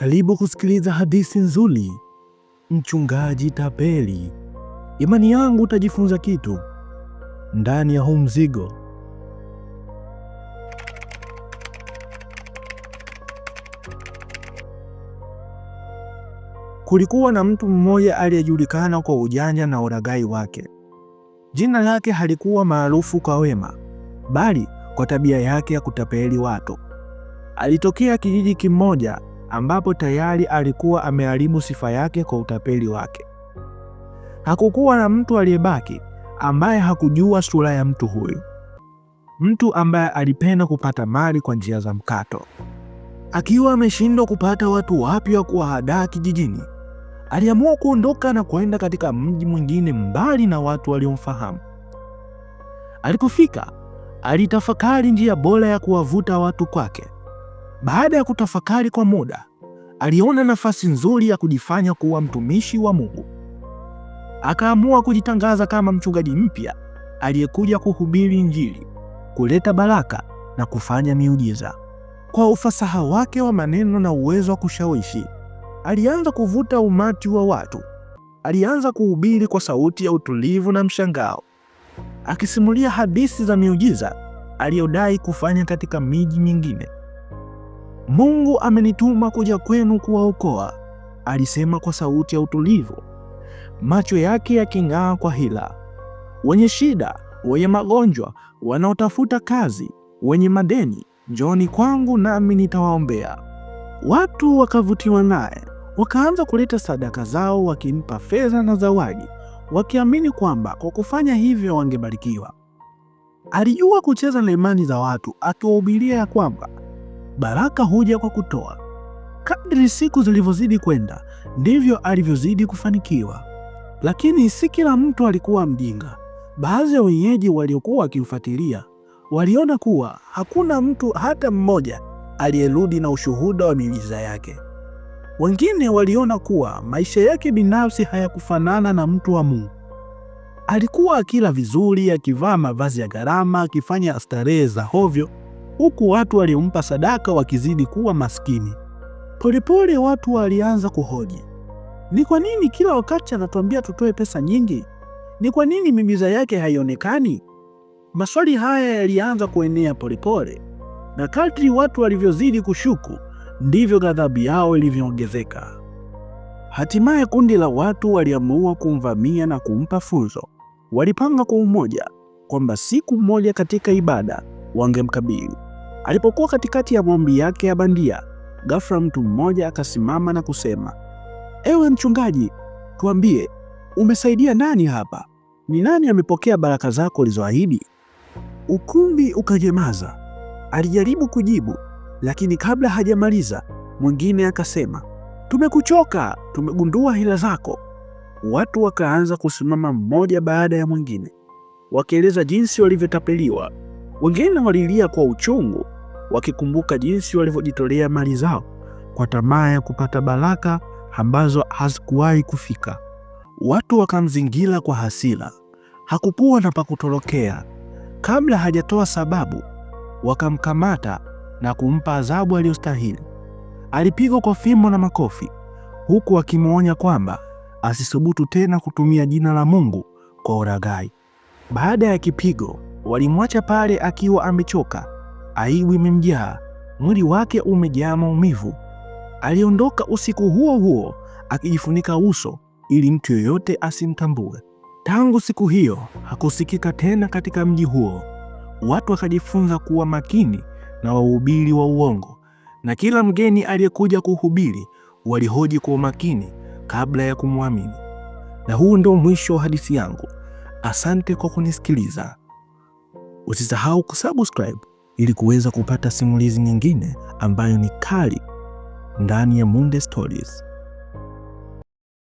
Karibu kusikiliza hadithi nzuri, mchungaji tapeli. Imani yangu utajifunza kitu ndani ya huu mzigo. Kulikuwa na mtu mmoja aliyejulikana kwa ujanja na uragai wake. Jina lake halikuwa maarufu kwa wema, bali kwa tabia yake ya kutapeli watu. Alitokea kijiji kimoja ambapo tayari alikuwa ameharibu sifa yake kwa utapeli wake. Hakukuwa na mtu aliyebaki ambaye hakujua sura ya mtu huyu, mtu ambaye alipenda kupata mali kwa njia za mkato. Akiwa ameshindwa kupata watu wapya wa kuwahadaa kijijini, aliamua kuondoka na kwenda katika mji mwingine mbali na watu waliomfahamu. Alipofika, alitafakari njia bora ya kuwavuta watu kwake. Baada ya kutafakari kwa muda, aliona nafasi nzuri ya kujifanya kuwa mtumishi wa Mungu. Akaamua kujitangaza kama mchungaji mpya aliyekuja kuhubiri Injili, kuleta baraka na kufanya miujiza. Kwa ufasaha wake wa maneno na uwezo wa kushawishi, alianza kuvuta umati wa watu. Alianza kuhubiri kwa sauti ya utulivu na mshangao, akisimulia hadithi za miujiza aliyodai kufanya katika miji mingine. Mungu amenituma kuja kwenu kuwaokoa, alisema kwa sauti ya utulivu, macho yake yaking'aa kwa hila. Wenye shida, wenye magonjwa, wanaotafuta kazi, wenye madeni, joni kwangu nami nitawaombea. Watu wakavutiwa naye, wakaanza kuleta sadaka zao, wakimpa fedha na zawadi, wakiamini kwamba kwa kufanya hivyo wangebarikiwa. Alijua kucheza na imani za watu, akiwahubiria ya kwamba baraka huja kwa kutoa. Kadri siku zilivyozidi kwenda, ndivyo alivyozidi kufanikiwa. Lakini si kila mtu alikuwa mjinga. Baadhi ya wenyeji waliokuwa wakimfuatilia waliona kuwa hakuna mtu hata mmoja aliyerudi na ushuhuda wa miujiza yake. Wengine waliona kuwa maisha yake binafsi hayakufanana na mtu wa Mungu. Alikuwa akila vizuri, akivaa mavazi ya gharama, akifanya starehe za hovyo, huku watu waliompa sadaka wakizidi kuwa maskini. Polepole watu walianza kuhoji, ni kwa nini kila wakati anatuambia tutoe pesa nyingi? Ni kwa nini mimiza yake haionekani? Maswali haya yalianza kuenea polepole, na kadri watu walivyozidi kushuku ndivyo ghadhabu yao ilivyoongezeka. Hatimaye kundi la watu waliamua kumvamia na kumpa funzo. Walipanga kwa umoja kwamba siku moja katika ibada wangemkabili. Alipokuwa katikati ya maombi yake ya bandia, ghafla mtu mmoja akasimama na kusema, ewe mchungaji, tuambie, umesaidia nani hapa? Ni nani amepokea baraka zako ulizoahidi? Ukumbi ukanyamaza. Alijaribu kujibu, lakini kabla hajamaliza mwingine akasema, tumekuchoka, tumegundua hila zako. Watu wakaanza kusimama mmoja baada ya mwingine, wakieleza jinsi walivyotapeliwa. Wengine walilia kwa uchungu, wakikumbuka jinsi walivyojitolea mali zao kwa tamaa ya kupata baraka ambazo hazikuwahi kufika. Watu wakamzingira kwa hasira, hakukuwa na pakutorokea. Kabla hajatoa sababu, wakamkamata na kumpa adhabu aliyostahili. Alipigwa kwa fimbo na makofi, huku akimwonya kwamba asithubutu tena kutumia jina la Mungu kwa ulaghai. Baada ya kipigo, walimwacha pale akiwa amechoka aibu imemjaa, mwili wake umejaa maumivu. Aliondoka usiku huo huo akijifunika uso ili mtu yoyote asimtambue. Tangu siku hiyo hakusikika tena katika mji huo. Watu wakajifunza kuwa makini na wahubiri wa uongo, na kila mgeni aliyekuja kuhubiri walihoji kwa umakini kabla ya kumwamini. Na huu ndio mwisho wa hadithi yangu. Asante kwa kunisikiliza. Usisahau kusubscribe ili kuweza kupata simulizi nyingine ambayo ni kali ndani ya Munde Stories.